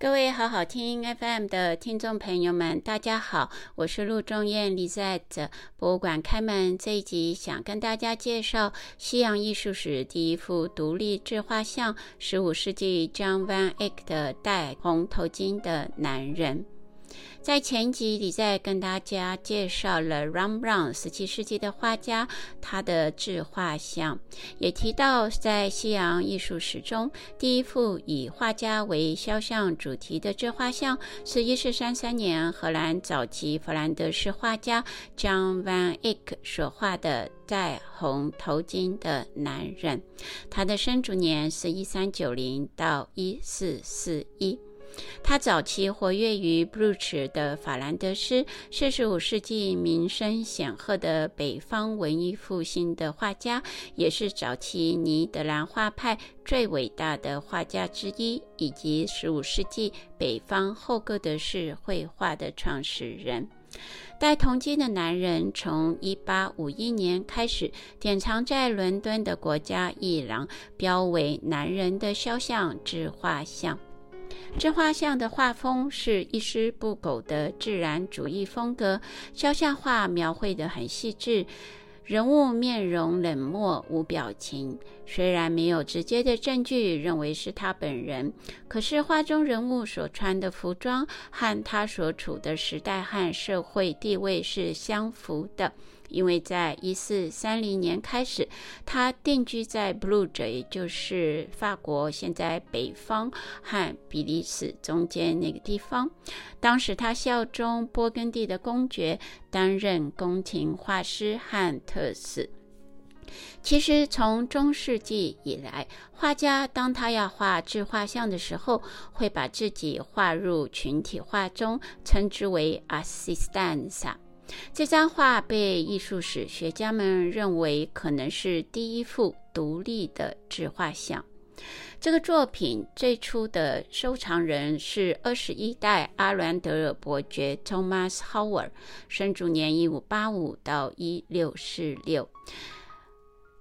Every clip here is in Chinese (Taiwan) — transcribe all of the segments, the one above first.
各位好好聽 FM 的聽眾朋友們，大家好，我是陸中豔，Li z 博物館開門這一集，想跟大家介紹西洋藝術史第一幅獨立自畫像，十五世紀張萬艾的戴紅頭巾的男人。在前集裡，在跟大家介紹了 Rembrandt 十七世紀的畫家，他的自畫像，也提到在西洋藝術史中，第一幅以畫家為肖像主題的自畫像，是1433年荷蘭早期佛蘭德斯畫家 Jan van Eyck 所畫的戴紅頭巾的男人，他的生卒年是1390到1441。他早期活躍於布魯日的法蘭德斯，是十五世紀名聲顯赫的北方文藝復興的畫家，也是早期尼德蘭畫派最偉大的畫家之一，以及十五世紀北方後哥德式繪畫的創始人。戴頭巾的男人從一八五一年開始，典藏在倫敦的國家藝廊，標為“男人的肖像”之畫像。這畫像的畫風是一絲不苟的自然主義風格，肖像畫描繪得很細緻，人物面容冷漠無表情。雖然沒有直接的證據認為是他本人，可是畫中人物所穿的服裝和他所處的時代和社會地位是相符的。因為在1430年開始，他定居在 Bruges，也就是法國現在北方和比利時中間那個地方。當時他效忠勃艮第的公爵，擔任宮廷畫師和特使。其實，從中世紀以來，畫家當他要畫自畫像的時候，會把自己畫入群體畫中，稱之為 “assistenza”。這張畫被藝術史學家們認為可能是第一幅獨立的自畫像。這個作品最初的收藏人是二十一代阿蘭德爾伯爵 Thomas Howard，生卒年一五八五到一六四六。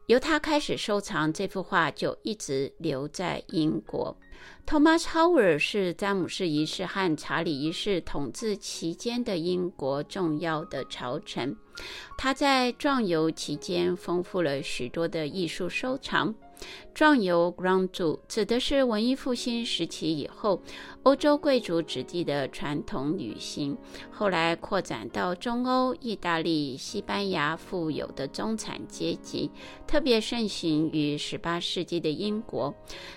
由他開始收藏這幅畫，就一直留在英國。Thomas Howard 是詹姆士一世和查理一世統治期間的英國重要的朝臣，他在壯遊期間豐富了許多的藝術收藏。壯遊 （Grand Tour） 指的是文藝復興時期以後，歐洲貴族子弟的傳統旅行，後來擴展到中歐、意大利、西班牙富有的中產階級，特別盛行於18世紀的英國。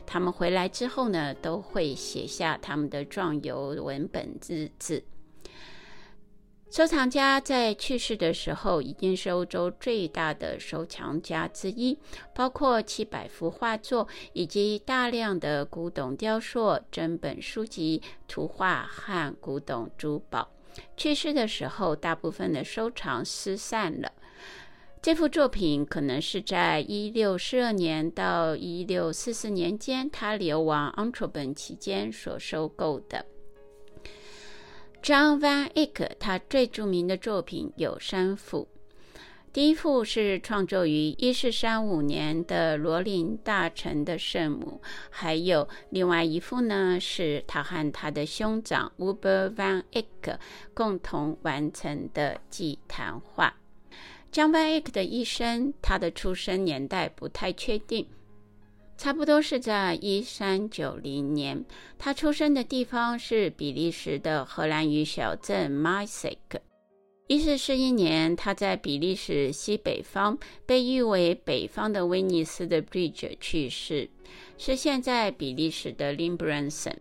他們回來之後呢，都會寫下他們的壯遊文本日誌。收藏家在去世的時候已經是歐洲最大的收藏家之一，包括七百幅畫作以及大量的古董、雕塑、珍本書籍、圖畫和古董珠寶。去世的時候，大部分的收藏失散了。這幅作品可能是在1642年到1644年間他流亡昂特本期間所收購的。Jan van Eyck，他最著名的作品有三幅。第一幅是創作於一四三五年的《羅林大臣的聖母》，還有另外一幅呢，是他和他的兄長 Hubert van Eyck 共同完成的祭壇畫。Jan van Eyck 的一生，他的出生年代不太確定。差不多是在一三九零年，他出生的地方是比利時的荷蘭語小鎮 Maaseik 一四四一年，他在比利時西北方，被譽為“北方的威尼斯”的 Bruges 去世，是現在比利時的 Limbourg 省。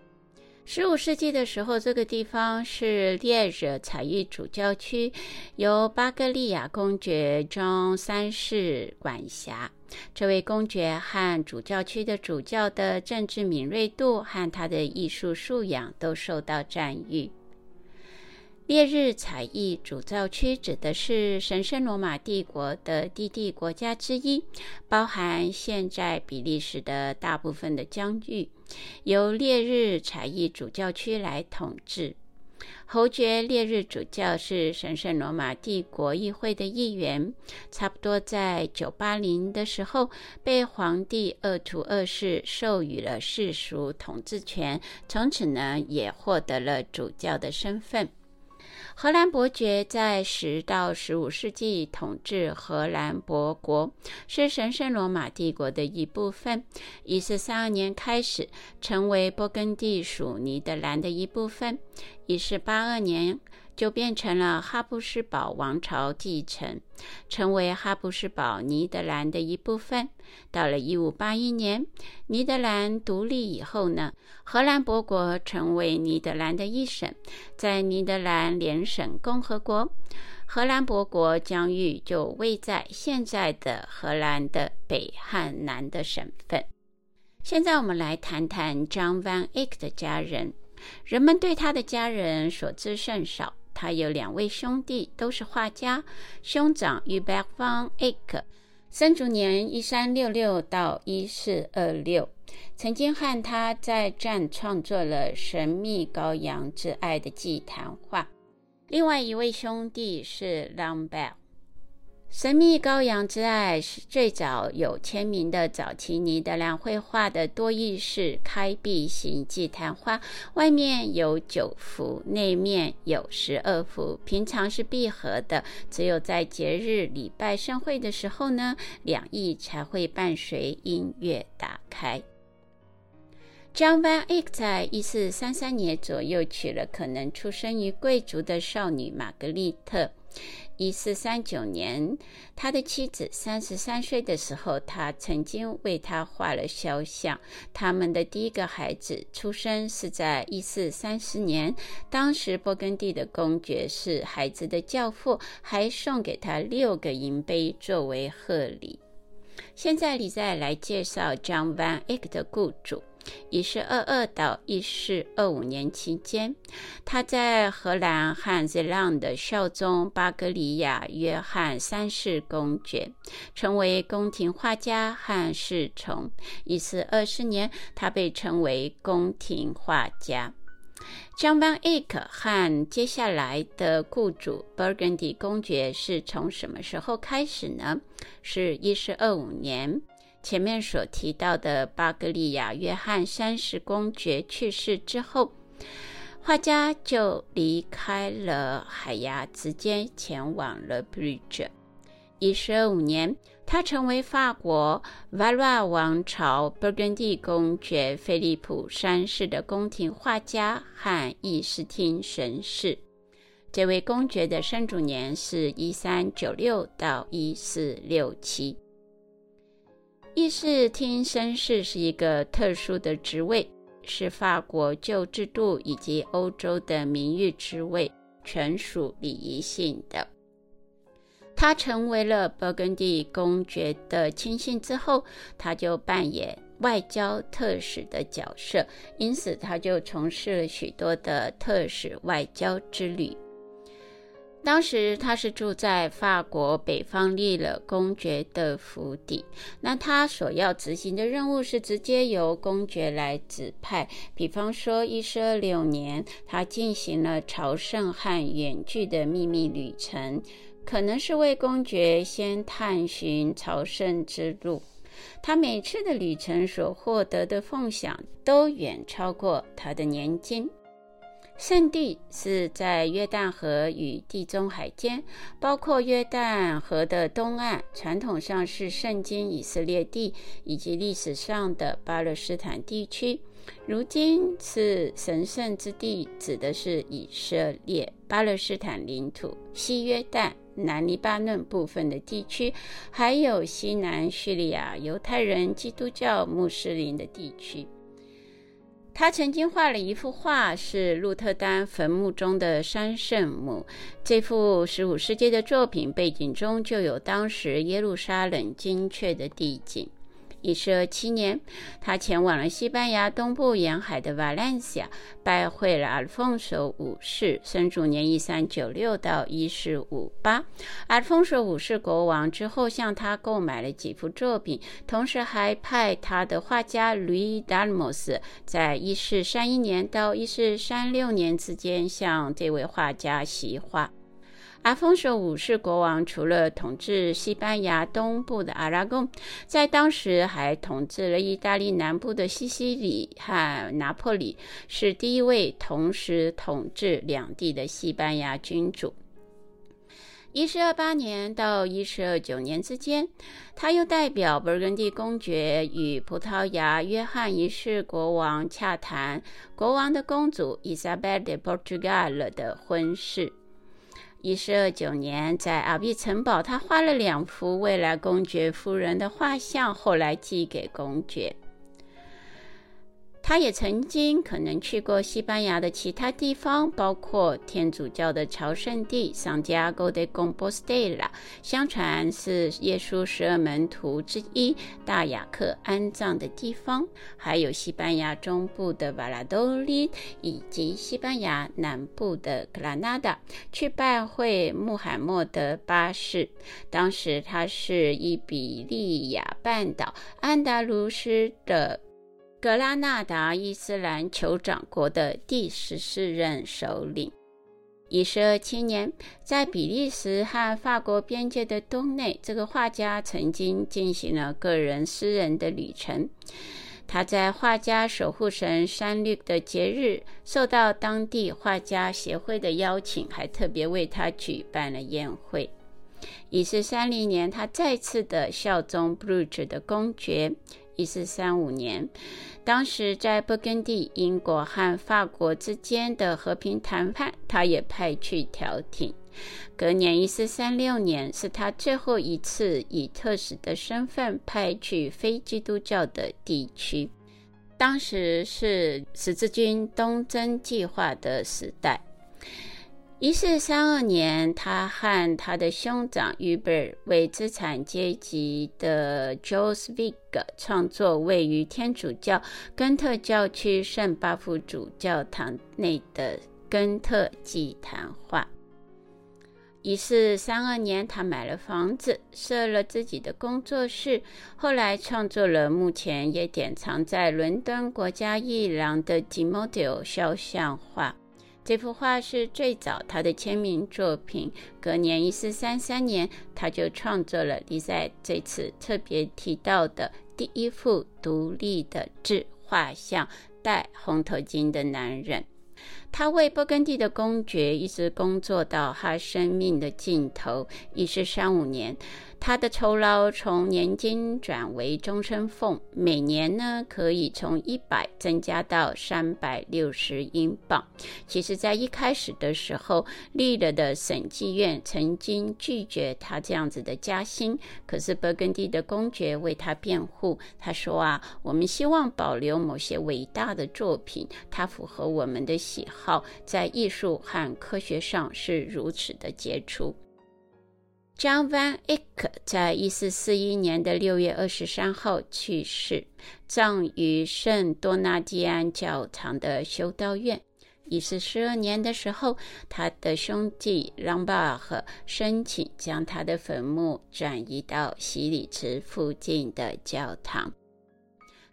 十五世紀的時候，這個地方是列日采邑主教區，由巴格利亞公爵中三世管轄。這位公爵和主教區的主教的政治敏銳度和他的藝術素養都受到讚譽。列日采邑主教區指的是神聖羅馬帝國的低地國家之一，包含現在比利時的大部分的疆域。由列日采邑主教區來統治，侯爵列日主教是神聖羅馬帝國議會的議員，差不多在九八零的時候被皇帝鄂圖二世授予了世俗統治權，從此呢也獲得了主教的身份。荷蘭伯爵在十到十五世紀統治荷蘭伯國，是神聖羅馬帝國的一部分。一四三二年開始成為勃艮第屬尼德蘭的一部分。一四八二年。就變成了哈布斯堡王朝繼承，成為哈布斯堡尼德蘭的一部分。到了一五八一年，尼德蘭獨立以後呢，荷蘭伯國成為尼德蘭的一省，在尼德蘭聯省共和國，荷蘭伯國疆域就位在現在的荷蘭的北和南的省份。現在我們來談談 Jan van Eyck 的家人，人們對他的家人所知甚少。他有兩位兄弟，都是畫家。兄長 Hubert van Eyck，生卒年一三六六到一四二六，曾經和他在戰創作了《神秘羔羊之愛的祭壇畫》。另外一位兄弟是朗貝爾。神秘羔羊之愛是最早有簽名的早期尼德蘭繪畫的多翼式開閉型祭壇畫，外面有九幅，內面有十二幅。平常是閉合的，只有在節日禮拜盛會的時候呢，兩翼才會伴隨音樂打開。Jan van Eyck 在一四三三年左右娶了可能出生於貴族的少女瑪格麗特。一四三九年，他的妻子三十三歲的時候，他曾經為他畫了肖像。他們的第一個孩子出生是在一四三四年，當時勃艮第的公爵是孩子的教父，還送給他六個銀杯作為賀禮。現在，你再來介紹張萬 h n 的雇主。一四二二到一四二五年期間，他在荷蘭和 Zélande 的效忠巴格里亞約翰三世公爵，成為宮廷畫家和侍從。一四二四年，他被稱為宮廷畫家。Jan van Eyck 和接下來的僱主 Burgundy 公爵是從什麼時候開始呢？是一四二五年。前面所提到的巴格利亞約翰三世公爵去世之後，畫家就離開了海牙，直接前往了布魯日。一十五年，他成為法國瓦盧瓦王朝勃艮第公爵菲利普三世的宮廷畫家和議事廳紳士。這位公爵的生卒年是一三九六到一四六七。議事廳紳士是一個特殊的職位，是法國舊制度以及歐洲的名譽職位，全屬禮儀性的。他成為了勃艮第公爵的親信之後，他就扮演外交特使的角色，因此他就從事了許多的特使外交之旅。當時他是住在法國北方，立了公爵的府邸。那他所要執行的任務是直接由公爵來指派。比方說，一四二六年，他進行了朝聖和遠距的秘密旅程，可能是為公爵先探尋朝聖之路。他每次的旅程所獲得的奉享都遠超過他的年金。聖地是在約旦河與地中海間，包括約旦河的東岸，傳統上是聖經以色列地以及歷史上的巴勒斯坦地區。如今是神聖之地，指的是以色列、巴勒斯坦領土、西約旦、南黎巴嫩部分的地區，還有西南敘利亞、猶太人、基督教、穆斯林的地區。他曾經畫了一幅畫，是鹿特丹墳墓，墓中的三聖母。這幅十五世紀的作品背景中就有當時耶路撒冷精確的地景。一四二七年，他前往了西班牙東部沿海的瓦倫西亞，拜會了阿爾豐索五世（生卒年一三九六到一四五八）。阿爾豐索五世國王之後向他購買了幾幅作品，同時還派他的畫家路易達爾莫斯在一四三一年到一四三六年之間向這位畫家習畫。阿方索五世國王除了統治西班牙東部的阿拉貢，在當時還統治了意大利南部的西西里和拿破里，是第一位同時統治兩地的西班牙君主。一四二八年到一四二九年之間，他又代表勃艮第公爵與葡萄牙約翰一世國王洽談國王的公主伊莎貝拉的葡萄牙的婚事。一四二九年，在阿比城堡，他畫了兩幅未來公爵夫人的畫像，後來寄給公爵。他也曾經可能去過西班牙的其他地方，包括天主教的朝聖地桑加戈德貢博斯德拉，相傳是耶穌十二門徒之一大雅克安葬的地方，還有西班牙中部的瓦拉多利以及西班牙南部的格拉納達，去拜會穆罕默德八世。當時他是伊比利亞半島安達盧斯的。格拉納達伊斯蘭酋長國的第十四任首領。一四二七年，在比利時和法國邊界的東內，這個畫家曾經進行了個人私人的旅程。他在畫家守護神山律的節日，受到當地畫家協會的邀請，還特別為他舉辦了宴會。一四三零年，他再次的效忠布魯日的公爵。一四三五年，當時在勃艮第，英國和法國之間的和平談判，他也派去調停。隔年一四三六年，是他最後一次以特使的身份派去非基督教的地區。當時是十字軍東征計劃的時代。一四三二年，他和他的兄長於貝爾為資產階級的 Josef Vigg 創作位於天主教根特教區聖巴夫主教堂內的根特祭壇畫。一四三二年，他買了房子，設了自己的工作室，後來創作了目前也典藏在倫敦國家藝廊的 Dimotheo 肖像畫。這幅畫是最早他的簽名作品。隔年，一四三三年，他就創作了你在這次特別提到的第一幅獨立的自畫像——戴紅頭巾的男人。他為勃艮第的公爵一直工作到他生命的盡頭，已是三五年。他的酬勞從年金轉為終身俸，每年呢可以從一百增加到三百六十英鎊。其實，在一開始的時候，利勒的審計院曾經拒絕他這樣子的加薪，可是勃艮第的公爵為他辯護，他說啊，我們希望保留某些偉大的作品，它符合我們的喜好。好，在藝術和科學上是如此的傑出。張 o h 克在一四四一年的六月二十三號去世，葬於聖多納蒂安教堂的修道院。一四四二年的時候，他的兄弟朗巴 m b 申請將他的墳墓轉移到洗禮池附近的教堂。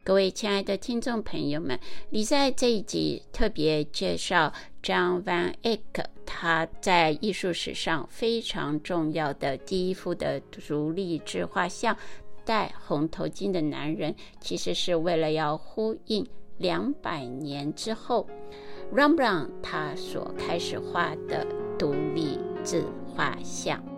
各位親愛的聽眾朋友們，你在這一集特別介紹張萬艾克他在藝術史上非常重要的第一幅的獨立自畫像，戴紅頭巾的男人，其實是為了要呼應兩百年之後，r a m 倫 a n 他所開始畫的獨立自畫像。